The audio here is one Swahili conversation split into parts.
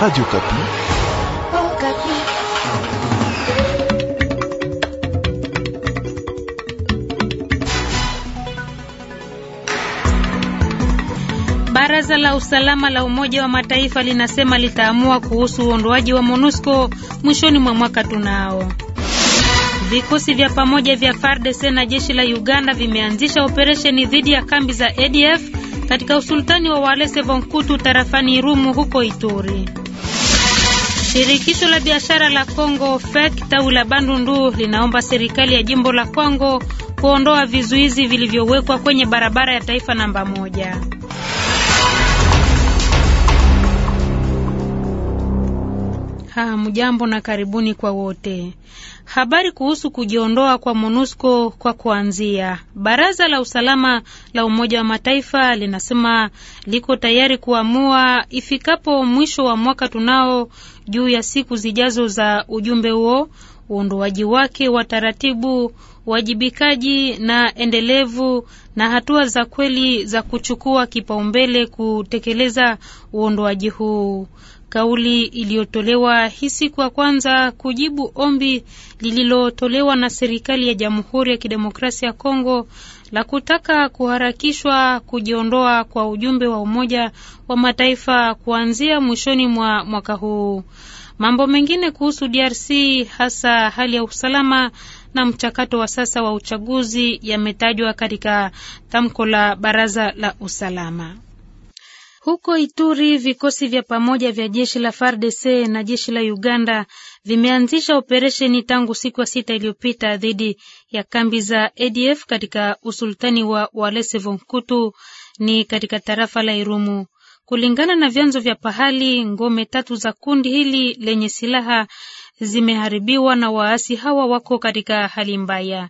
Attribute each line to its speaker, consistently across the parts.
Speaker 1: Radio Kapi.
Speaker 2: Oh, Kapi.
Speaker 3: Baraza la usalama la Umoja wa Mataifa linasema litaamua kuhusu uondoaji wa MONUSCO mwishoni mwa mwaka tunao. Vikosi vya pamoja vya FARDC na jeshi la Uganda vimeanzisha operesheni dhidi ya kambi za ADF katika usultani wa Walese Vonkutu tarafani Rumu huko Ituri. Shirikisho la biashara la Kongo FEC tawi la Bandundu linaomba serikali ya jimbo la Kongo kuondoa vizuizi vilivyowekwa kwenye barabara ya taifa namba moja. Hamjambo na karibuni kwa wote. Habari kuhusu kujiondoa kwa MONUSCO kwa kuanzia. Baraza la Usalama la Umoja wa Mataifa linasema liko tayari kuamua ifikapo mwisho wa mwaka tunao juu ya siku zijazo za ujumbe huo uondoaji wake wa taratibu, uwajibikaji na endelevu, na hatua za kweli za kuchukua kipaumbele kutekeleza uondoaji huu. Kauli iliyotolewa hii siku ya kwanza kujibu ombi lililotolewa na serikali ya Jamhuri ya Kidemokrasia ya Kongo la kutaka kuharakishwa kujiondoa kwa ujumbe wa Umoja wa Mataifa kuanzia mwishoni mwa mwaka huu. Mambo mengine kuhusu DRC, hasa hali ya usalama na mchakato wa sasa wa uchaguzi, yametajwa katika tamko la baraza la usalama. Huko Ituri, vikosi vya pamoja vya jeshi la FARDC na jeshi la Uganda vimeanzisha operesheni tangu siku ya sita iliyopita dhidi ya kambi za ADF katika usultani wa Walese Vonkutu ni katika tarafa la Irumu. Kulingana na vyanzo vya pahali, ngome tatu za kundi hili lenye silaha zimeharibiwa na waasi hawa wako katika hali mbaya.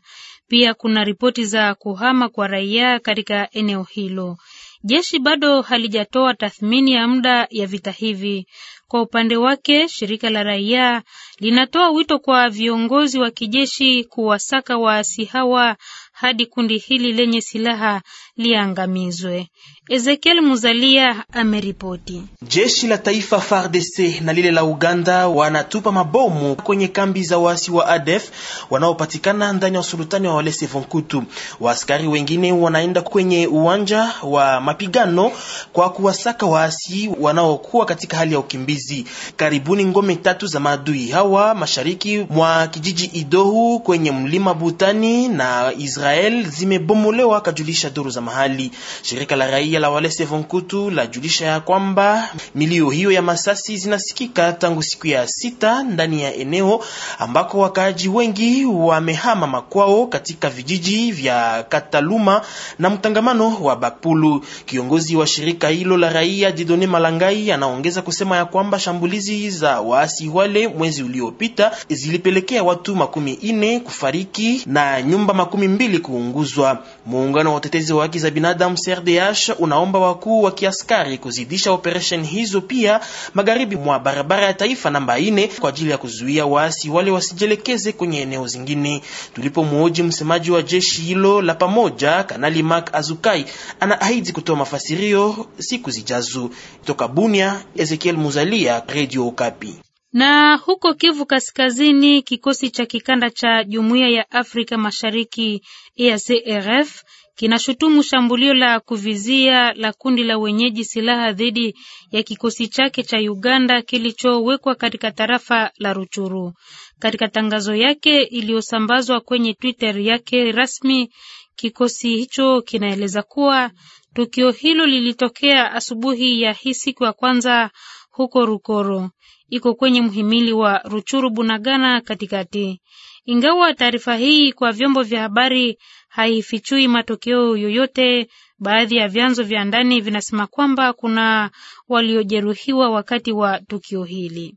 Speaker 3: Pia kuna ripoti za kuhama kwa raia katika eneo hilo. Jeshi bado halijatoa tathmini ya muda ya vita hivi. Kwa upande wake, shirika la raia linatoa wito kwa viongozi wa kijeshi kuwasaka waasi hawa hadi kundi hili lenye silaha liangamizwe. Ezekiel Muzalia ameripoti. Jeshi
Speaker 4: la taifa FARDC na lile la Uganda wanatupa mabomu kwenye kambi za waasi wa ADF wanaopatikana ndani ya usultani wa Walese Vonkutu. Waaskari wengine wanaenda kwenye uwanja wa mapigano kwa kuwasaka waasi wanaokuwa katika hali ya ukimbizi. Karibuni ngome tatu za maadui hawa mashariki mwa kijiji Idohu kwenye mlima Butani na Israel zimebomolewa, kajulisha duru za mahali. Shirika la raia la Walese Vonkutu la julisha ya kwamba milio hiyo ya masasi zinasikika tangu siku ya sita ndani ya eneo ambako wakaaji wengi wamehama makwao katika vijiji vya Kataluma na mtangamano wa Bapulu. Kiongozi wa shirika hilo la raia Didone Malangai anaongeza kusema ya kwamba shambulizi za waasi wale mwezi uliopita zilipelekea watu makumi ine kufariki na nyumba makumi mbili kuunguzwa. Muungano wa utetezi wa haki za binadamu CRDH unaomba wakuu wa kiaskari kuzidisha operation hizo pia magharibi mwa barabara ya taifa namba ine kwa ajili ya kuzuia waasi wale wasijelekeze kwenye eneo zingine. Tulipomwoji msemaji wa jeshi hilo la pamoja, Kanali Mark Azukai anaahidi kutoa mafasirio siku zijazo. Toka Bunia, Ezekiel Muzalia, Radio Okapi.
Speaker 3: Na huko Kivu Kaskazini, kikosi cha kikanda cha Jumuiya ya Afrika Mashariki EACRF kinashutumu shambulio la kuvizia la kundi la wenyeji silaha dhidi ya kikosi chake cha Uganda kilichowekwa katika tarafa la Ruchuru. Katika tangazo yake iliyosambazwa kwenye Twitter yake rasmi, kikosi hicho kinaeleza kuwa tukio hilo lilitokea asubuhi ya hii siku ya kwanza huko Rukoro, iko kwenye mhimili wa Ruchuru Bunagana katikati. Ingawa taarifa hii kwa vyombo vya habari haifichui matokeo yoyote, baadhi ya vyanzo vya ndani vinasema kwamba kuna waliojeruhiwa wakati wa tukio hili.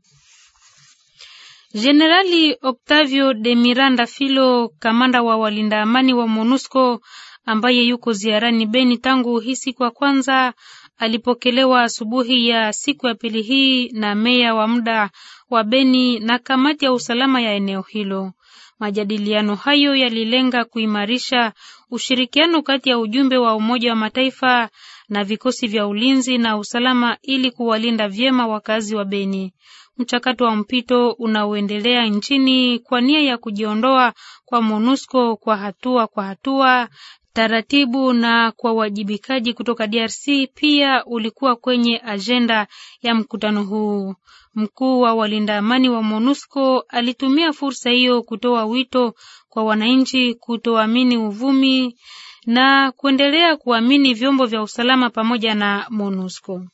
Speaker 3: Jenerali Octavio de Miranda Filo, kamanda wa walinda amani wa MONUSCO ambaye yuko ziarani Beni tangu hii siku ya kwanza, alipokelewa asubuhi ya siku ya pili hii na meya wa muda wa Beni na kamati ya usalama ya eneo hilo. Majadiliano hayo yalilenga kuimarisha ushirikiano kati ya ujumbe wa Umoja wa Mataifa na vikosi vya ulinzi na usalama ili kuwalinda vyema wakazi wa Beni. Mchakato wa mpito unaoendelea nchini kwa nia ya kujiondoa kwa MONUSCO kwa hatua kwa hatua taratibu na kwa uwajibikaji kutoka DRC pia ulikuwa kwenye ajenda ya mkutano huu. Mkuu wa walinda amani wa MONUSCO alitumia fursa hiyo kutoa wito kwa wananchi kutoamini uvumi na kuendelea kuamini vyombo vya usalama pamoja na MONUSCO.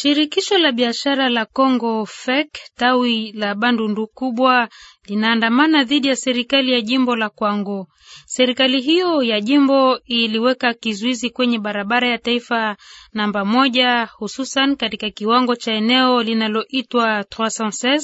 Speaker 3: Shirikisho la biashara la congo FEC tawi la Bandundu kubwa linaandamana dhidi ya serikali ya jimbo la Kwango. Serikali hiyo ya jimbo iliweka kizuizi kwenye barabara ya taifa namba moja, hususan katika kiwango cha eneo linaloitwa 316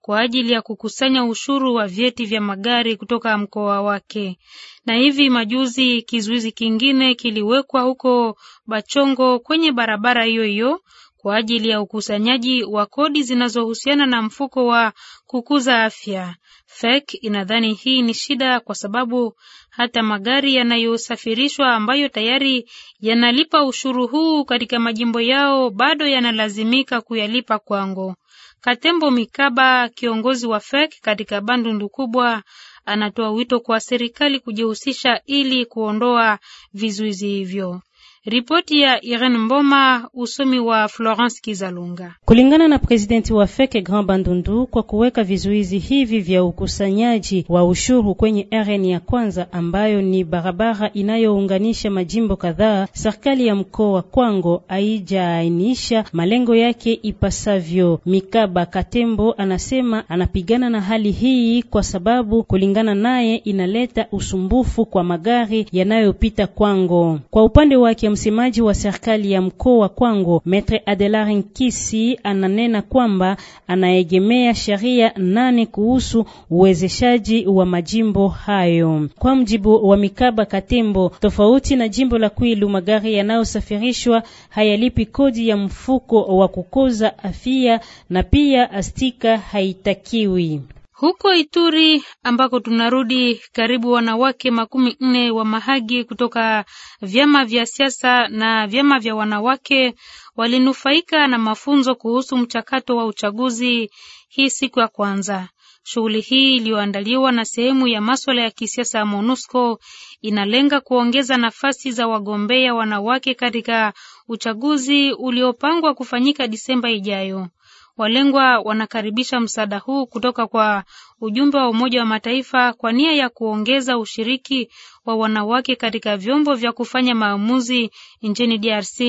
Speaker 3: kwa ajili ya kukusanya ushuru wa vyeti vya magari kutoka mkoa wake. Na hivi majuzi kizuizi kingine kiliwekwa huko Bachongo kwenye barabara hiyo hiyo kwa ajili ya ukusanyaji wa kodi zinazohusiana na mfuko wa kukuza afya. FEC inadhani hii ni shida kwa sababu hata magari yanayosafirishwa ambayo tayari yanalipa ushuru huu katika majimbo yao bado yanalazimika kuyalipa Kwango. Katembo Mikaba, kiongozi wa FEC katika Bandundu kubwa, anatoa wito kwa serikali kujihusisha ili kuondoa vizuizi hivyo. Ripoti ya Irene Mboma, usomi wa Florence Kizalunga. Kulingana na presidenti wa Feke Grand Bandundu, kwa kuweka vizuizi hivi vya ukusanyaji wa ushuru kwenye RN ya kwanza ambayo ni barabara inayounganisha majimbo kadhaa, serikali ya mkoa wa Kwango haijaainisha malengo yake ipasavyo. Mikaba Katembo anasema anapigana na hali hii kwa sababu kulingana naye inaleta usumbufu kwa magari yanayopita Kwango. Kwa upande wake msemaji wa serikali ya mkoa wa Kwango Maitre Adelar Nkisi ananena kwamba anaegemea sheria nane kuhusu uwezeshaji wa majimbo hayo. Kwa mjibu wa Mikaba Katembo, tofauti na jimbo la Kwilu, magari yanayosafirishwa hayalipi kodi ya mfuko wa kukoza afia na pia astika haitakiwi. Huko Ituri ambako tunarudi, karibu wanawake makumi nne wa Mahagi kutoka vyama vya siasa na vyama vya wanawake walinufaika na mafunzo kuhusu mchakato wa uchaguzi hii siku ya kwanza. Shughuli hii iliyoandaliwa na sehemu ya maswala ya kisiasa ya MONUSCO inalenga kuongeza nafasi za wagombea wanawake katika uchaguzi uliopangwa kufanyika Disemba ijayo. Walengwa wanakaribisha msaada huu kutoka kwa ujumbe wa Umoja wa Mataifa kwa nia ya kuongeza ushiriki wa wanawake katika vyombo vya kufanya maamuzi nchini DRC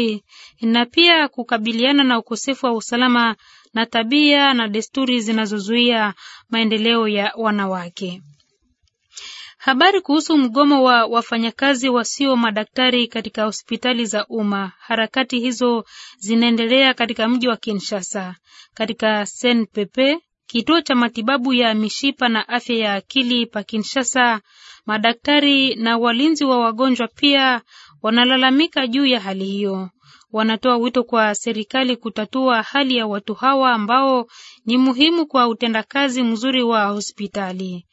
Speaker 3: na pia kukabiliana na ukosefu wa usalama na tabia na desturi zinazozuia maendeleo ya wanawake. Habari kuhusu mgomo wa wafanyakazi wasio madaktari katika hospitali za umma. Harakati hizo zinaendelea katika mji wa Kinshasa. Katika Sen Pepe, kituo cha matibabu ya mishipa na afya ya akili pa Kinshasa, madaktari na walinzi wa wagonjwa pia wanalalamika juu ya hali hiyo. Wanatoa wito kwa serikali kutatua hali ya watu hawa ambao ni muhimu kwa utendakazi mzuri wa hospitali.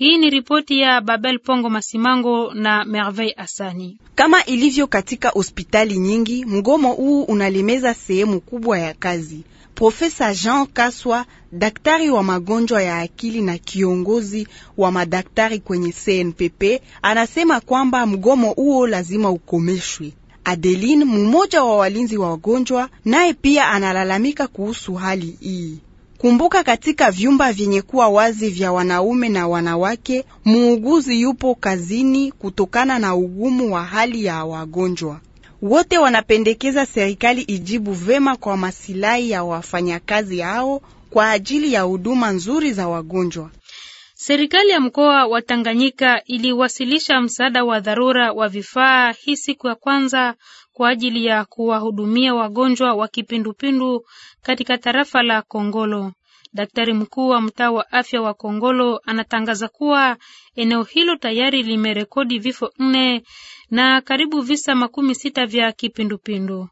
Speaker 3: Hii ni ripoti ya Babel Pongo Masimango na Merveille Asani.
Speaker 5: Kama ilivyo katika hospitali
Speaker 3: nyingi, mgomo huu unalemeza sehemu kubwa ya kazi. Profesa Jean Kaswa, daktari wa magonjwa ya akili na kiongozi wa madaktari kwenye CNPP, anasema kwamba mgomo huo lazima ukomeshwe. Adeline, mmoja wa walinzi wa wagonjwa, naye pia analalamika kuhusu hali hii. Kumbuka, katika vyumba vyenye kuwa wazi vya wanaume na wanawake, muuguzi yupo kazini kutokana na ugumu wa hali ya wagonjwa wote. Wanapendekeza serikali ijibu vema kwa masilahi ya wafanyakazi hao kwa ajili ya huduma nzuri za wagonjwa. Serikali ya mkoa wa Tanganyika iliwasilisha msaada wa dharura wa vifaa hii siku ya kwanza kwa ajili ya kuwahudumia wagonjwa wa kipindupindu katika tarafa la Kongolo. Daktari mkuu wa mtaa wa afya wa Kongolo anatangaza kuwa eneo hilo tayari limerekodi vifo nne na karibu visa makumi sita vya kipindupindu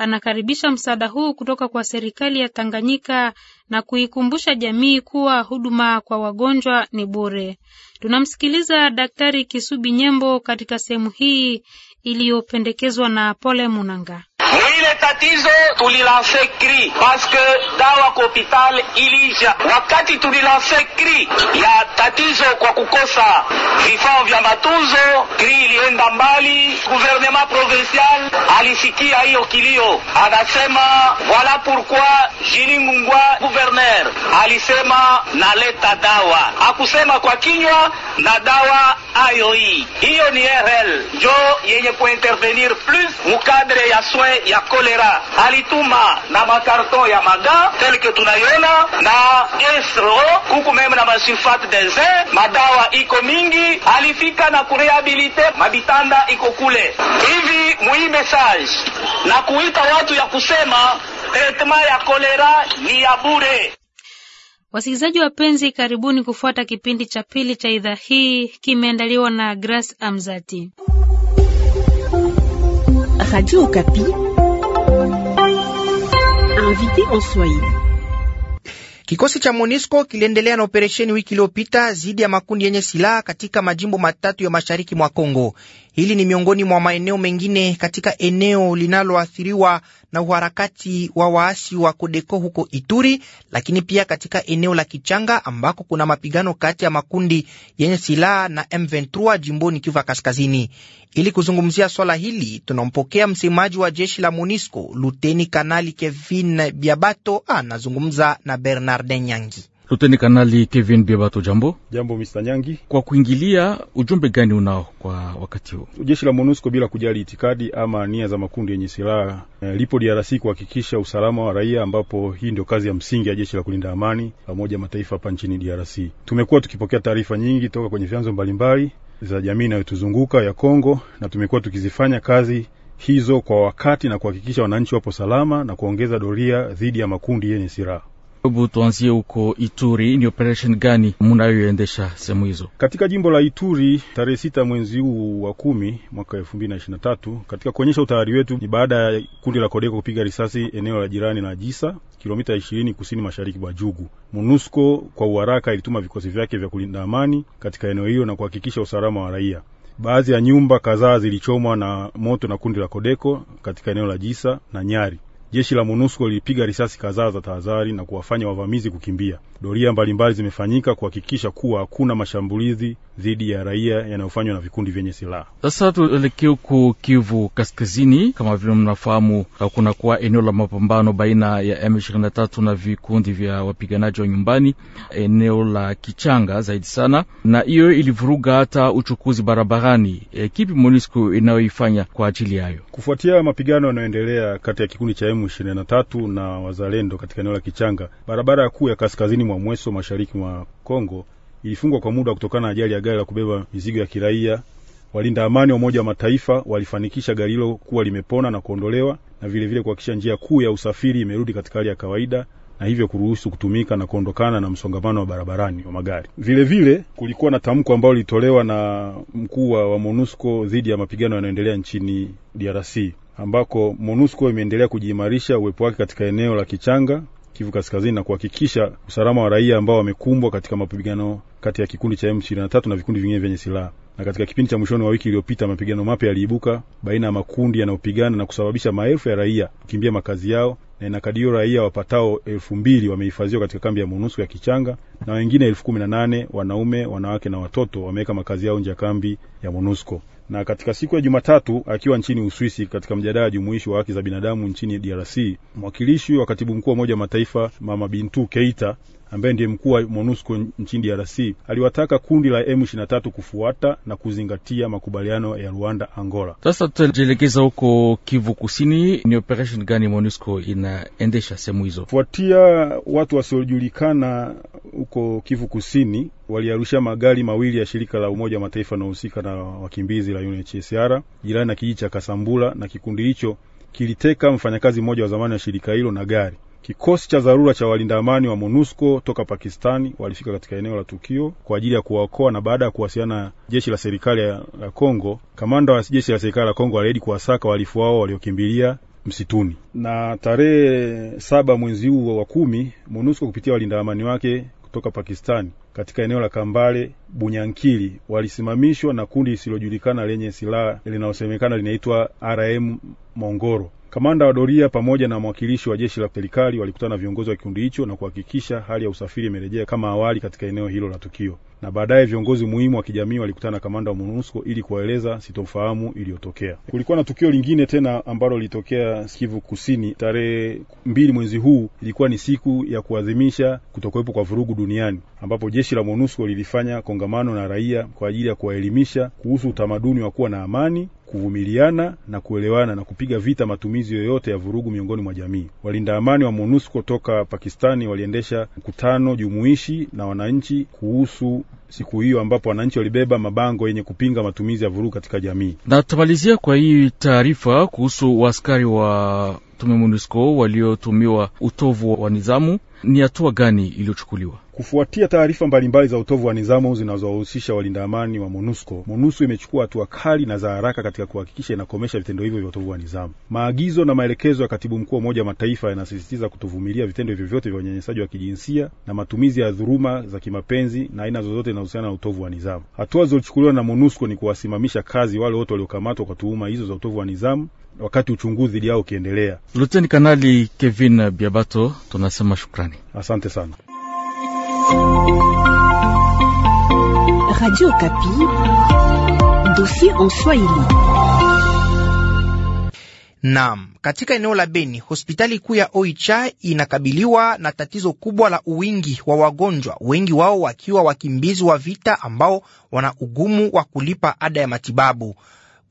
Speaker 3: anakaribisha msaada huu kutoka kwa serikali ya Tanganyika na kuikumbusha jamii kuwa huduma kwa wagonjwa ni bure. Tunamsikiliza Daktari Kisubi Nyembo katika sehemu hii iliyopendekezwa na Pole Munanga
Speaker 5: na ile tatizo tulilanse kri paske dawa kwa hospitali ilija. Wakati tulilanse kri ya tatizo kwa kukosa vifaa vya matunzo, kri ilienda mbali. Gouvernement provincial alisikia hiyo kilio, anasema wala pourquoi Jili Ngungwa gouverneur alisema naleta dawa, akusema kwa kinywa na dawa ayo hii hiyo ni RL njo yenye kuintervenir plus mukadre ya soin ya kolera alituma na makarton ya maga telke tunayona na esro kuku meme na masulfate de madawa iko mingi. Alifika na kurehabilite mabitanda iko kule hivi. Mui message na kuita watu ya kusema tretema ya kolera ni ya bure.
Speaker 3: Wasikilizaji wapenzi, karibuni kufuata kipindi cha pili cha idhaa hii, kimeandaliwa na Grace Amzati,
Speaker 5: Radio Okapi. Invité en Swahili. Kikosi cha MONUSCO kiliendelea na operesheni wiki iliyopita dhidi ya makundi yenye silaha katika majimbo matatu ya mashariki mwa Kongo. Hili ni miongoni mwa maeneo mengine katika eneo linaloathiriwa na uharakati wa waasi wa Kodeko huko Ituri, lakini pia katika eneo la Kichanga ambako kuna mapigano kati ya makundi yenye silaha na M23 jimboni Kivu Kaskazini. Ili kuzungumzia swala hili, tunampokea msemaji wa jeshi la MONUSCO Luteni Kanali Kevin Biabato, anazungumza na
Speaker 1: Bernardin Nyangi.
Speaker 2: Luteni Kanali Kevin Biabato, jambo. Jambo Mr. Nyangi. Kwa kuingilia, ujumbe gani unao kwa wakati huu?
Speaker 1: Jeshi la MONUSCO bila kujali itikadi ama nia za makundi yenye silaha e, lipo DRC kuhakikisha usalama wa raia, ambapo hii ndio kazi ya msingi ya jeshi la kulinda amani la Umoja Mataifa hapa nchini DRC. Tumekuwa tukipokea taarifa nyingi toka kwenye vyanzo mbalimbali za jamii inayotuzunguka ya Kongo, na tumekuwa tukizifanya kazi hizo kwa wakati na kuhakikisha wananchi wapo salama na kuongeza doria dhidi ya makundi yenye silaha.
Speaker 2: Hebu tuanzie huko Ituri, ni operation gani munayoendesha sehemu hizo?
Speaker 1: Katika jimbo la Ituri, tarehe sita mwezi huu wa kumi mwaka elfu mbili na ishirini na tatu katika kuonyesha utayari wetu, ni baada ya kundi la Kodeko kupiga risasi eneo la jirani na Jisa, kilomita ishirini kusini mashariki mwa Jugu. MONUSCO kwa uharaka ilituma vikosi vyake vya kulinda amani katika eneo hilo na kuhakikisha usalama wa raia. Baadhi ya nyumba kadhaa zilichomwa na moto na kundi la Kodeko katika eneo la Jisa na Nyari jeshi la MONUSCO lilipiga risasi kadhaa za tahadhari na kuwafanya wavamizi kukimbia. Doria mbalimbali zimefanyika kuhakikisha kuwa hakuna mashambulizi dhidi ya raia yanayofanywa na vikundi vyenye silaha.
Speaker 2: Sasa tuelekee huku Kivu Kaskazini. Kama vile mnafahamu, kunakuwa eneo la mapambano baina ya M23 na vikundi vya wapiganaji wa nyumbani, eneo la Kichanga zaidi sana, na hiyo ilivuruga hata uchukuzi barabarani. E, kipi MONUSCO inayoifanya kwa ajili yayo?
Speaker 1: Kufuatia mapigano yanayoendelea kati ya kikundi cha M23 na wazalendo katika eneo la Kichanga, barabara kuu ya kaskazini mwa Mweso, mashariki mwa Kongo, ilifungwa kwa muda kutokana na ajali ya gari la kubeba mizigo ya kiraia. Walinda amani wa Umoja wa Mataifa walifanikisha gari hilo kuwa limepona na kuondolewa na vilevile kuhakikisha njia kuu ya usafiri imerudi katika hali ya kawaida na hivyo kuruhusu kutumika na kuondokana na msongamano wa barabarani wa magari. Vilevile vile, kulikuwa na tamko ambalo lilitolewa na mkuu wa MONUSCO dhidi ya mapigano yanayoendelea nchini DRC ambako MONUSCO imeendelea kujiimarisha uwepo wake katika eneo la Kichanga Kivu Kaskazini na kuhakikisha usalama wa raia ambao wamekumbwa katika mapigano kati ya kikundi cha M23 na vikundi vingine vyenye silaha. Na katika kipindi cha mwishoni wa wiki iliyopita, mapigano mapya yaliibuka baina ya makundi yanayopigana na kusababisha maelfu ya raia kukimbia makazi yao, na inakadirio raia wapatao elfu mbili wamehifadhiwa katika kambi ya MONUSCO ya Kichanga na wengine elfu kumi na nane wanaume, wanawake na watoto wameweka makazi yao nje ya kambi ya MONUSCO na katika siku ya Jumatatu akiwa nchini Uswisi katika mjadala jumuishi wa haki za binadamu nchini DRC, mwakilishi wa katibu mkuu wa Umoja wa Mataifa Mama Bintu Keita ambaye ndiye mkuu wa MONUSCO nchini DRC aliwataka kundi la M23 kufuata na kuzingatia makubaliano ya Rwanda Angola.
Speaker 2: Sasa tutajielekeza huko Kivu Kusini. Ni operation gani MONUSCO inaendesha sehemu hizo?
Speaker 1: Fuatia watu wasiojulikana huko Kivu Kusini waliarusha magari mawili ya shirika la Umoja wa Mataifa anaohusika na wakimbizi la UNHCR jirani na kijiji cha Kasambula, na kikundi hicho kiliteka mfanyakazi mmoja wa zamani wa shirika hilo na gari Kikosi cha dharura cha walinda amani wa MONUSCO toka Pakistani walifika katika eneo la tukio kwa ajili ya kuwaokoa, na baada ya kuwasiliana na jeshi la serikali ya Kongo, kamanda wa jeshi la serikali la Kongo aliahidi kuwasaka wahalifu wao waliokimbilia msituni. Na tarehe saba mwezi huu wa kumi, MONUSCO kupitia walinda amani wake kutoka Pakistani katika eneo la Kambale Bunyankili walisimamishwa na kundi lisilojulikana lenye silaha linalosemekana linaitwa RM Mongoro Kamanda wa doria pamoja na mwakilishi wa jeshi la serikali walikutana na viongozi wa kikundi hicho na kuhakikisha hali ya usafiri imerejea kama awali katika eneo hilo la tukio, na baadaye viongozi muhimu wa kijamii walikutana na kamanda wa MONUSCO ili kuwaeleza sitofahamu iliyotokea. Kulikuwa na tukio lingine tena ambalo lilitokea Kivu Kusini tarehe mbili mwezi huu, ilikuwa ni siku ya kuadhimisha kutokuwepo kwa vurugu duniani, ambapo jeshi la MONUSCO lilifanya kongamano na raia kwa ajili ya kuwaelimisha kuhusu utamaduni wa kuwa na amani kuvumiliana na kuelewana na kupiga vita matumizi yoyote ya vurugu miongoni mwa jamii. Walinda amani wa MONUSCO toka Pakistani waliendesha mkutano jumuishi na wananchi kuhusu siku hiyo, ambapo wananchi walibeba mabango yenye kupinga matumizi ya vurugu katika jamii.
Speaker 2: Na tutamalizia kwa hii taarifa kuhusu waaskari wa tume MONUSCO waliotumiwa utovu wa nidhamu. Ni hatua gani iliyochukuliwa?
Speaker 1: Kufuatia taarifa mbalimbali za utovu wa nidhamu zinazohusisha walinda amani wa MONUSCO, MONUSCO imechukua hatua kali na za haraka katika kuhakikisha inakomesha vitendo hivyo vya utovu wa nidhamu. Maagizo na maelekezo ya katibu mkuu wa Umoja wa Mataifa yanasisitiza kutovumilia vitendo vyovyote vya unyanyasaji wa kijinsia na matumizi ya dhuruma za kimapenzi na aina zozote zinazohusiana na utovu wa nidhamu. Hatua zilizochukuliwa na MONUSCO ni kuwasimamisha kazi wale wote waliokamatwa kwa tuhuma hizo za utovu wa nidhamu wakati uchunguzi dhidi yao ukiendelea.
Speaker 2: Luteni Kanali Kevin Biabato, tunasema shukrani, asante sana.
Speaker 3: Radio Okapi,
Speaker 5: dossier en Swahili. Naam, katika eneo la Beni, hospitali kuu ya Oicha inakabiliwa na tatizo kubwa la uwingi wa wagonjwa, wengi wao wakiwa wakimbizi wa vita ambao wana ugumu wa kulipa ada ya matibabu.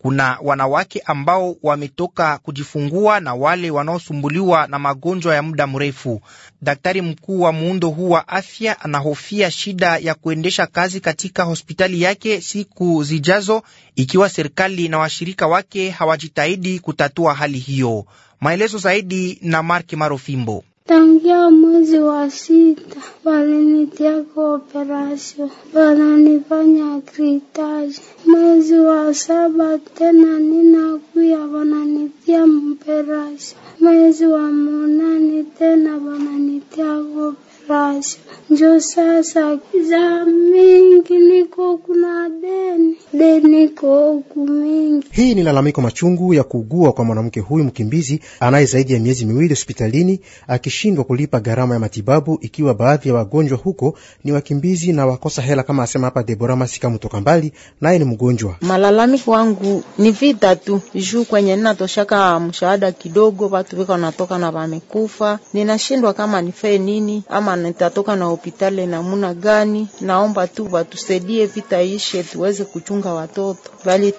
Speaker 5: Kuna wanawake ambao wametoka kujifungua na wale wanaosumbuliwa na magonjwa ya muda mrefu. Daktari mkuu wa muundo huu wa afya anahofia shida ya kuendesha kazi katika hospitali yake siku zijazo, ikiwa serikali na washirika wake hawajitahidi kutatua hali hiyo. Maelezo zaidi na Mark Marofimbo.
Speaker 3: Tangia mwezi wa sita walinitiaka operasio, wananifanya kritaji. Mwezi wa saba tena ninakuya, wananitia mperasio. Mwezi wa munani tena wananitiaka Njo sasa kiza mingi niko kuna deni deni koku mingi.
Speaker 6: Hii ni lalamiko machungu ya kuugua kwa mwanamke huyu mkimbizi anaye zaidi ya miezi miwili hospitalini akishindwa kulipa gharama ya matibabu, ikiwa baadhi ya wagonjwa huko ni wakimbizi na wakosa hela, kama asema hapa Debora Masika mtoka mbali, naye ni mgonjwa.
Speaker 3: Malalamiko wangu ni vita tu juu kwenye ninatoshaka mshahada kidogo, watu weka wanatoka na wamekufa, ninashindwa kama nifee nini ama nitatoka na hopitali namuna gani? Naomba tu watusaidie vita ishe tuweze kuchunga watoto.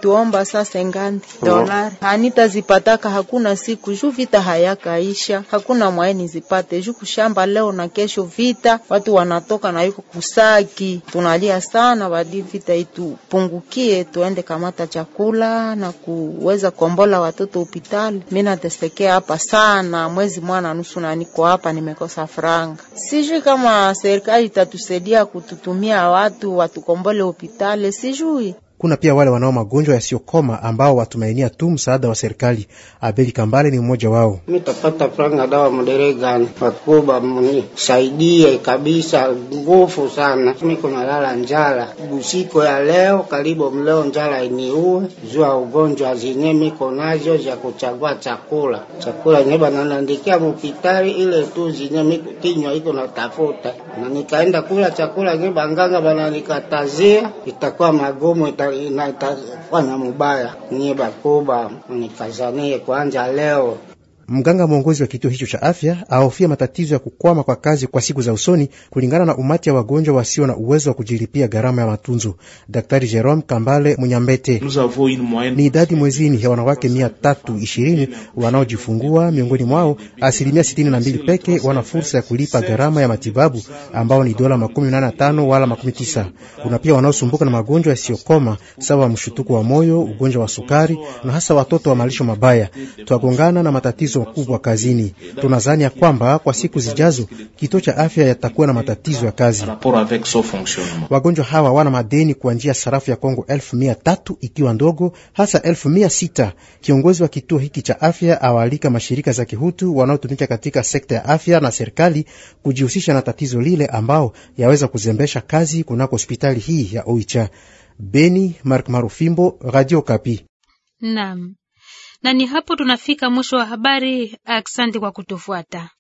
Speaker 3: tuomba sasa ngandi oh. dolari hanitazipataka hakuna siku juu vita hayakaisha, hakuna mwaini zipate juu kushamba leo na kesho vita, watu wanatoka na yuko kusaki. Tunalia sana badi vita itupungukie, tuende kamata chakula na kuweza kuombola watoto hopitali. Mimi natesekea hapa sana mwezi mwana nusu na niko hapa nimekosa franga si sijui kama serikali itatusaidia kututumia watu watukombole hopitali, sijui
Speaker 6: kuna pia wale wanao magonjwa yasiyokoma ambao watumainia tu msaada wa serikali. Abeli Kambale ni mmoja wao. mitapata franga dawa mdere gani wakuba mnisaidie kabisa, nguvu sana, miko nalala njala busiko ya leo karibu mleo, njala iniue zua ugonjwa zinye miko nazo za kuchagua chakula chakula nyeba nanandikia mukitari ile tu zinye miko kinywa iko natafuta na nikaenda kula chakula nyeba nganga bananikatazia, itakuwa magumu ita inatafanya mubaya, nyeba bakuba nikazanie kwanja leo Mganga mwongozi wa kituo hicho cha afya ahofia matatizo ya kukwama kwa kazi kwa siku za usoni kulingana na umati ya wagonjwa wasio na uwezo wa kujilipia gharama ya matunzo. Daktari Jerome Kambale Munyambete: ni idadi mwezini ya wanawake mia tatu ishirini wanaojifungua, miongoni mwao asilimia sitini na mbili peke wana fursa ya kulipa gharama ya matibabu ambao ni dola makumi nane na tano wala makumi tisa. Kuna pia wanaosumbuka na magonjwa yasiyokoma sawa mshutuko wa moyo, ugonjwa wa sukari na hasa watoto wa malisho mabaya. Twagongana na matatizo matatizo makubwa kazini. tunazani ya kwamba kwa siku zijazo kituo cha afya yatakuwa na matatizo ya kazi. Wagonjwa hawa wana madeni kwa njia sarafu ya Kongo elfu mia tatu ikiwa ndogo hasa elfu mia sita. Kiongozi wa kituo hiki cha afya awaalika mashirika za kihutu wanaotumika katika sekta ya afya na serikali kujihusisha na tatizo lile ambao yaweza kuzembesha kazi kunako hospitali hii ya Oicha. Beni, Mark Marufimbo, Radio Kapi.
Speaker 3: Naam na ni hapo tunafika mwisho wa habari. Asante kwa kutufuata.